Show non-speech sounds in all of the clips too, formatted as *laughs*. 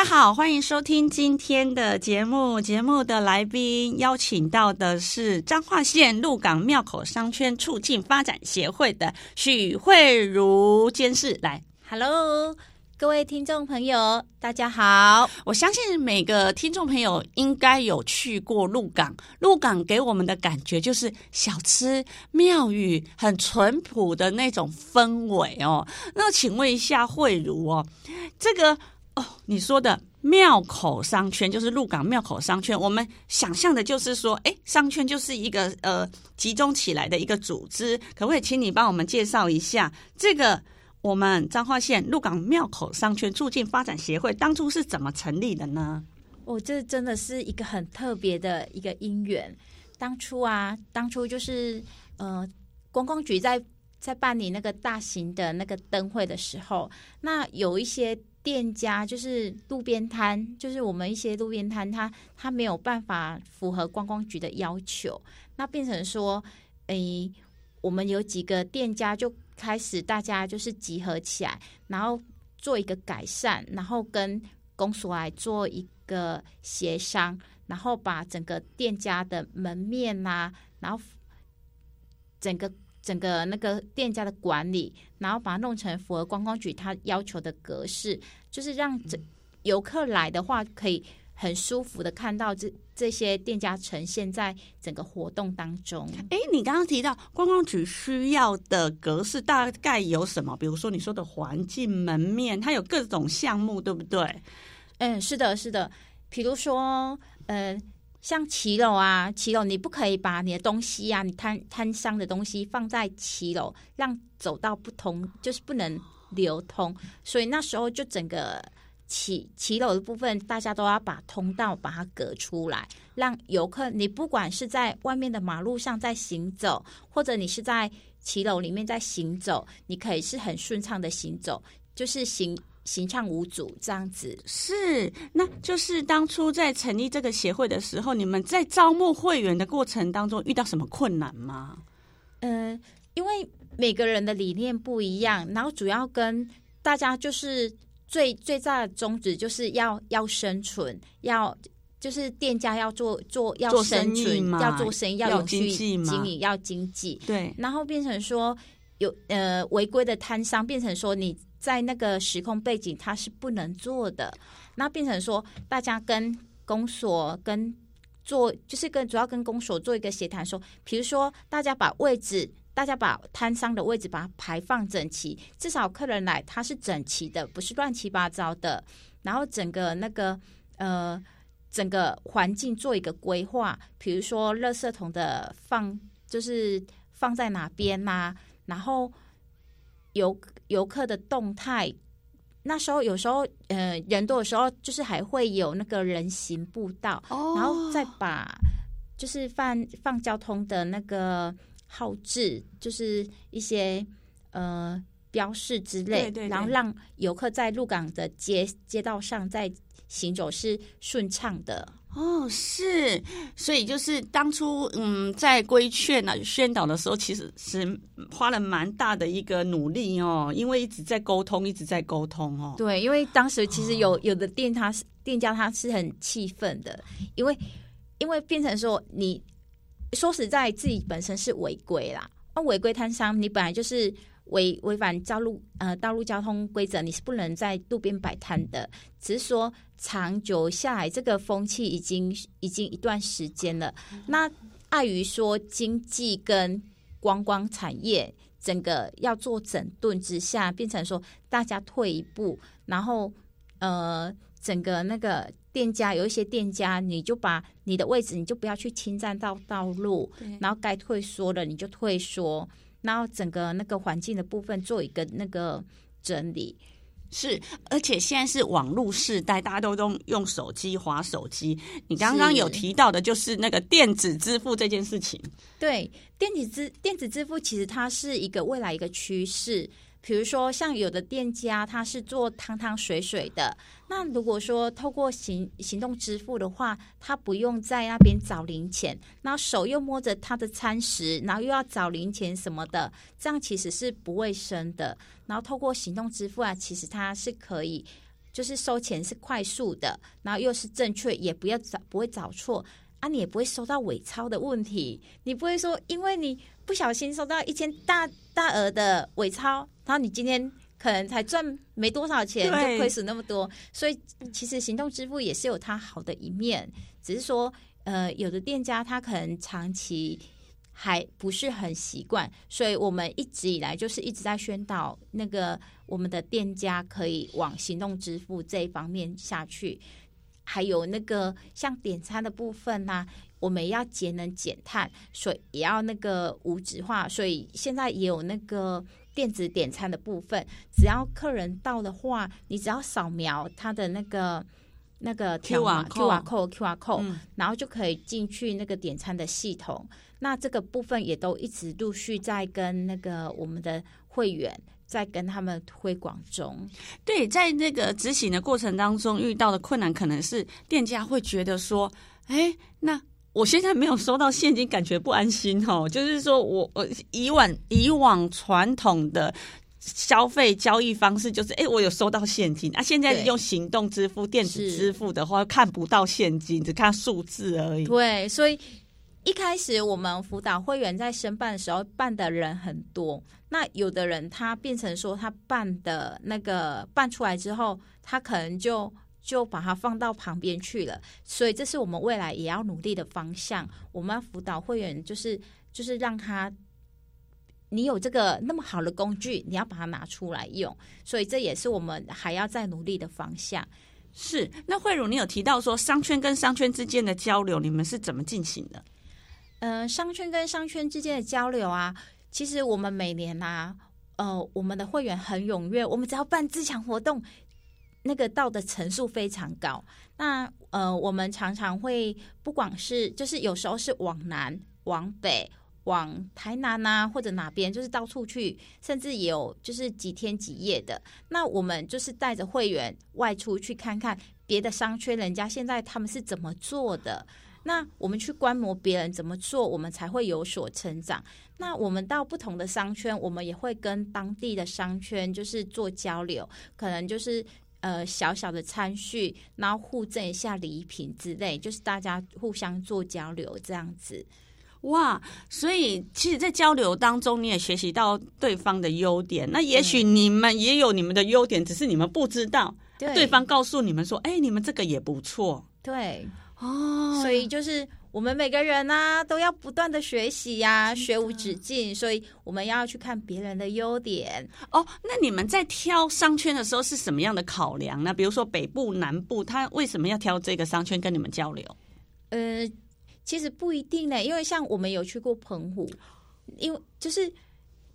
大家好，歡迎收聽今天的節目。節目的來賓邀請到的是彰化縣鹿港廟口商圈促進發展協會的許惠茹監事。來，Hello，各位聽眾朋友，大家好。我相信每個聽眾朋友應該有去過鹿港，鹿港給我們的感覺就是小吃、廟宇，很淳樸的那種氛圍哦。那請問一下惠茹哦，這個。哦，你說的廟口商圈就是鹿港廟口商圈。我們想象的就是說，哎，商圈就是一個呃集中起來的一個組織。可不可以請你幫我們介紹一下這個？我們彰化縣鹿港廟口商圈促進發展協會當初是怎麼成立的呢？哦，這真的是一個很特別的一個因緣。當初啊，當初就是呃，觀光局在。在辦理那個大型的那個燈會的時候，那有一些店家就是路邊攤，就是我們一些路邊攤它、他他沒有辦法符合觀光局的要求，那變成說，誒、哎，我們有幾個店家就開始大家就是集合起來，然後做一個改善，然後跟公所來做一個協商，然後把整個店家的門面吶、啊，然後整個。整個那個店家的管理，然後把它弄成符合觀光局它要求的格式，就是讓這遊客來的話，可以很舒服的看到這這些店家呈現在整個活動當中。誒，你剛剛提到觀光局需要的格式大概有什麼？比如說你說的環境、門面，它有各種項目，對不對？嗯，是的，是的。譬如說，嗯、呃。像騎樓啊，騎樓你不可以把你的東西啊，你攤攤商的東西放在騎樓，讓走道不通，就是不能流通，所以那時候就整個騎騎樓的部分，大家都要把通道把它隔出來，讓遊客你不管是在外面的馬路上在行走，或者你是在騎樓裡面在行走，你可以是很順暢的行走，就是行。行暢無阻，這樣子是，那就是當初在成立這個協會的時候，你們在招募會員的過程當中遇到什麼困難嗎？嗯、呃，因為每個人的理念不一樣，然後主要跟大家就是最最大的宗旨就是要要生存，要就是店家要做做要生存做生意嘛，要做生意要有經濟要有去經營嘛，要經濟，對，然後變成說有呃違規的攤商變成說你。在那個時空背景，它是不能做的。那變成說，大家跟公所跟做，就是跟主要跟公所做一個協談，說，比如說大家把位置，大家把攤商的位置把它排放整齊，至少客人來它是整齊的，不是亂七八糟的。然後整個那個呃，整個環境做一個規劃，比如說垃圾桶的放，就是放在哪邊吶、啊？然後有。遊客的動態，那時候有時候，呃人多的時候，就是還會有那個人行步道，oh. 然後再把就是放放交通的那個號志，就是一些呃標示之類，對對對，然後讓遊客在鹿港的街街道上在行走是順暢的。哦，是，所以就是當初嗯，在規勸吶，宣導的時候，其實是花了蠻大的一個努力哦，因為一直在溝通，一直在溝通哦。對，因為當時其實有有的店他是、哦、店家他是很氣憤的，因為因為變成說你說實在自己本身是違規啦，那違規攤商你本來就是。違違反道路呃道路交通規則，你是不能在路邊擺攤的。只是說，長久下來，這個風氣已經已經一段時間了。那礙於說經濟跟觀光產業整個要做整頓之下，變成說大家退一步，然後呃整個那個店家有一些店家，你就把你的位置，你就不要去侵占到道路，對然後該退縮的你就退縮。然後整個那個環境的部分做一個那個整理，是，而且現在是網絡時代，大家都用用手機滑手機。你剛剛有提到的，就是那個電子支付這件事情。對，電子支電子支付其實它是一個未來一個趨勢。比如說，像有的店家他是做湯湯水水的，那如果說透過行行動支付的話，他不用在那邊找零錢，然後手又摸着他的餐食，然後又要找零錢什麼的，這樣其實是不衛生的。然後透過行動支付啊，其實他是可以，就是收錢是快速的，然後又是正確，也不要找，不會找錯。啊，你也不會收到偽鈔的問題，你不會說，因為你不小心收到一千大大額的偽鈔，然後你今天可能才賺沒多少錢，對就虧損那麼多。所以其實行動支付也是有它好的一面，只是說，呃，有的店家他可能長期還不是很習慣，所以我們一直以來就是一直在宣導那個我們的店家可以往行動支付這一方面下去。還有那個像點餐的部分呢、啊，我們要節能減碳，所以也要那個無紙化，所以現在也有那個電子點餐的部分。只要客人到的話，你只要掃描他的那個那個條碼，QR code，QR code，QR code，嗯、然後就可以進去那個點餐的系統。那這個部分也都一直陸續在跟那個我們的會員。在跟他們推廣中，對，在那個執行的過程當中遇到的困難，可能是店家會覺得說，哎、欸，那我現在沒有收到現金，感覺不安心哦。就是說我我以往以往傳統的消費交易方式，就是哎、欸，我有收到現金，那、啊、現在用行動支付、對電子支付的話，是看不到現金，只看數字而已。對，所以。一開始我們輔導會員在申辦的時候，辦的人很多。那有的人他變成說，他辦的那個辦出來之後，他可能就就把它放到旁邊去了。所以這是我們未來也要努力的方向。我們要輔導會員就是就是讓他，你有這個那麼好的工具，你要把它拿出來用。所以這也是我們還要再努力的方向。是。那惠茹你有提到說商圈跟商圈之間的交流，你們是怎麼進行的？嗯、呃，商圈跟商圈之間的交流啊，其實我們每年吶、啊，呃，我們的會員很踴躍，我們只要辦自強活動，那個到的層數非常高。那呃，我們常常會不管是就是有時候是往南、往北、往台南吶、啊，或者哪邊，就是到處去，甚至有就是幾天幾夜的。那我們就是帶着會員外出去看看別的商圈，人家現在他們是怎麼做的。那我們去觀摩別人怎麼做，我們才會有所成長。那我們到不同的商圈，我們也會跟當地的商圈就是做交流，可能就是呃小小的餐敘，然後互贈一下禮品之類，就是大家互相做交流這樣子。哇，所以其實，在交流當中，你也學習到對方的優點。那也許你們也有你們的優點，嗯、只是你們不知道。對，對方告訴你們說：“哎，你們這個也不錯。”對。哦，所以就是我們每個人呢都要不斷的學習呀，學無止境，所以我們要去看別人的優點。哦，那你們在挑商圈的時候是什麼樣的考量呢？比如說北部、南部，他為什麼要挑這個商圈跟你們交流？呃，其實不一定呢，因為像我們有去過澎湖，因為就是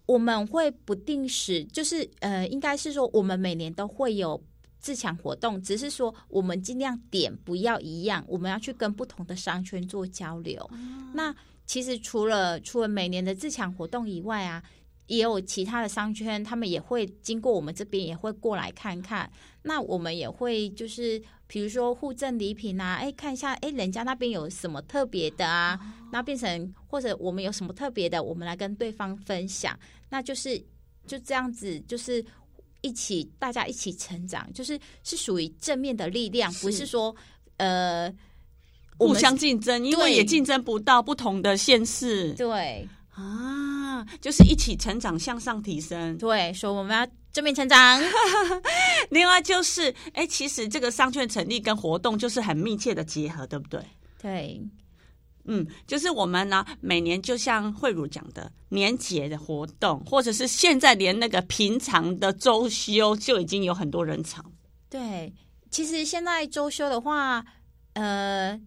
我們會不定時，就是呃，應該是說我們每年都會有。自強活動只是說，我們儘量點不要一樣，我們要去跟不同的商圈做交流。嗯、那其實除了除了每年的自強活動以外啊，也有其他的商圈，他們也會經過我們這邊，也會過來看看。那我們也會就是，比如說互贈禮品啊，誒、欸，看一下，誒、欸，人家那邊有什麼特別的啊？那變成或者我們有什麼特別的，我們來跟對方分享。那就是就這樣子，就是。一起，大家一起成長，就是是屬於正面的力量，是不是說呃互相競爭，對因為也競爭不到不同的縣市。對啊，就是一起成長，向上提升。對，所以我們要正面成長。 *laughs* 另外就是，哎、欸，其實這個商圈成立跟活動就是很密切的結合，對不對？對。嗯，就是我們呢、啊，每年就像惠茹講的年節的活動，或者是現在連那個平常的周休就已經有很多人潮。對，其實現在周休的話，呃，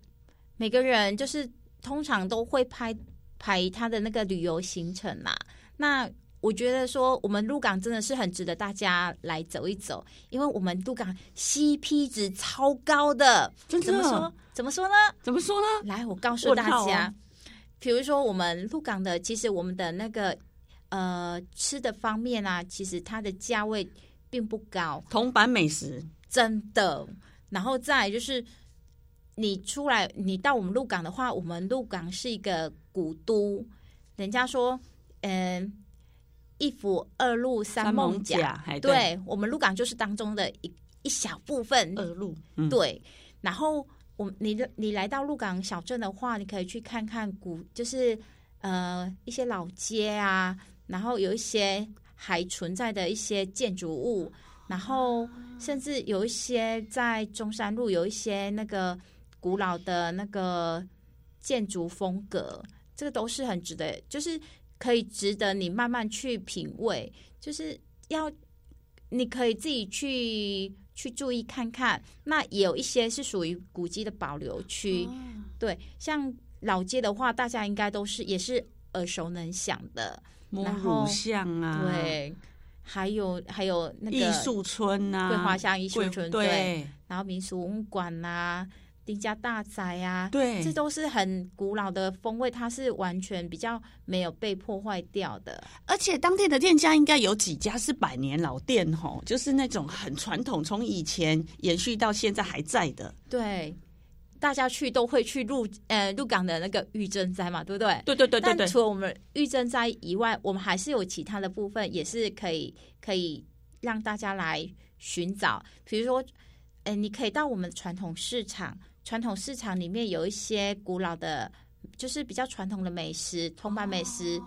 每個人就是通常都會排排他的那個旅遊行程嘛、啊，那。我覺得說我們鹿港真的是很值得大家來走一走，因為我們鹿港 CP 值超高的，真的。怎麼說？怎麼說呢？怎麼說呢？來，我告訴大家，譬如說我們鹿港的，其實我們的那個呃吃的方面啊，其實它的價位並不高，銅板美食真的。然後再就是你出來，你到我們鹿港的話，我們鹿港是一個古都，人家說，嗯、欸。一府二鹿三艋舺，對，對，我們鹿港就是當中的一一小部分。二鹿對，嗯、然後我你你來到鹿港小鎮的話，你可以去看看古，就是呃一些老街啊，然後有一些還存在的一些建築物，然後甚至有一些在中山路有一些那個古老的那個建築風格，這個都是很值得，就是。可以值得你慢慢去品味，就是要你可以自己去去注意看看。那也有一些是屬於古蹟的保留區，啊、對，像老街的話，大家應該都是也是耳熟能詳的。啊、然後摸乳巷啊，對，還有還有那個藝術村啊，桂花巷藝術村對，對，然後民俗文物館啊。丁家大宅啊，對，這都是很古老的風味，它是完全比較沒有被破壞掉的。而且當地的店家應該有幾家是百年老店吼、哦，就是那種很傳統，從以前延續到現在還在的。對，大家去都會去鹿呃鹿港的那個玉珍齋嘛，對不對？對對對對。但除了我們玉珍齋以外，我們還是有其他的部分也是可以可以讓大家來尋找，比如說，哎，你可以到我們傳統市場。傳統市場裡面有一些古老的，就是比較傳統的美食，銅板美食、哦、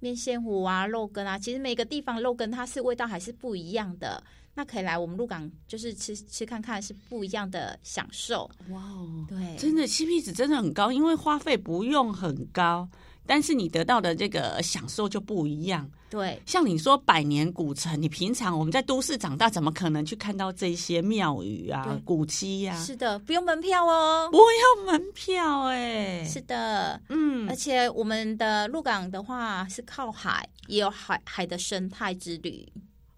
麵線糊啊、肉羹啊，其實每個地方肉羹它是味道還是不一樣的。那可以來我們鹿港，就是吃吃看看，是不一樣的享受。哇哦，對，真的 CP 值真的很高，因為花費不用很高。但是你得到的這個享受就不一樣，對。像你說百年古城，你平常我們在都市長大，怎麼可能去看到這些廟宇啊、對古蹟呀、啊？是的，不用門票哦，不要門票哎、欸，是的，嗯。而且我們的鹿港的話是靠海，也有海海的生態之旅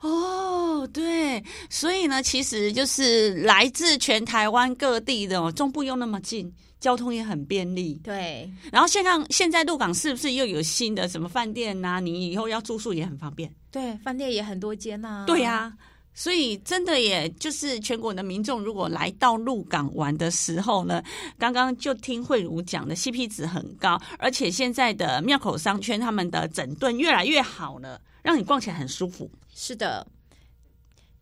哦。對，所以呢，其實就是來自全台灣各地的哦，中部又那麼近。交通也很便利，對。然後現在現在鹿港是不是又有新的什麼飯店吶？你以後要住宿也很方便，對，飯店也很多間吶。對呀，所以真的也就是全國的民眾如果來到鹿港玩的時候呢，剛剛就聽惠茹講的 CP 值很高，而且現在的廟口商圈他們的整頓越來越好了，讓你逛起來很舒服。是的，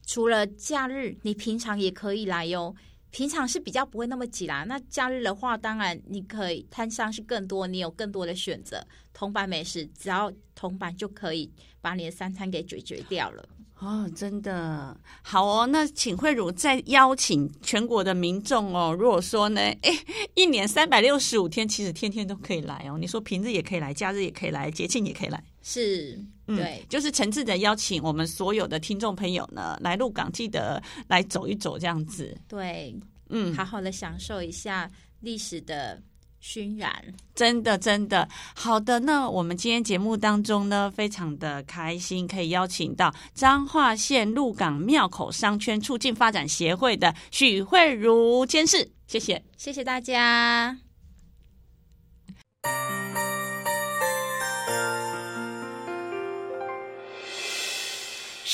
除了假日，你平常也可以來喲。平常是比較不會那麼擠啦，那假日的話，當然你可以攤商是更多，你有更多的選擇。銅板美食，只要銅板就可以把你的三餐給解決掉了。哦，真的。好哦，那請惠茹再邀請全國的民眾哦。如果說呢，誒、欸，一年三百六十五天，其實天天都可以來哦。你說平日也可以來，假日也可以來，節慶也可以來。是，對、嗯，就是誠摯的邀請我們所有的聽眾朋友呢，來鹿港，記得來走一走，這樣子，對，嗯，好好的享受一下歷史的熏染，真的，真的，好的。那我們今天節目當中呢，非常的開心，可以邀請到彰化縣鹿港廟口商圈促進發展協會的許惠茹監事，謝謝，謝謝大家。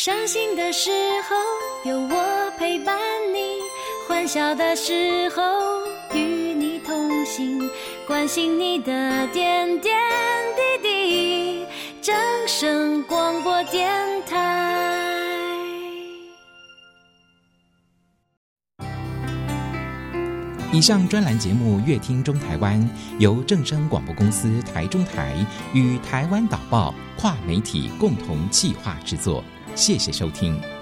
傷心的時候有我陪伴你，歡笑的時候與你同行，關心你的點點滴滴。正聲廣播電台。以上專欄節目《樂聽中台灣》由正聲廣播公司台中台與台灣導報跨媒體共同企劃制作。謝謝收聽。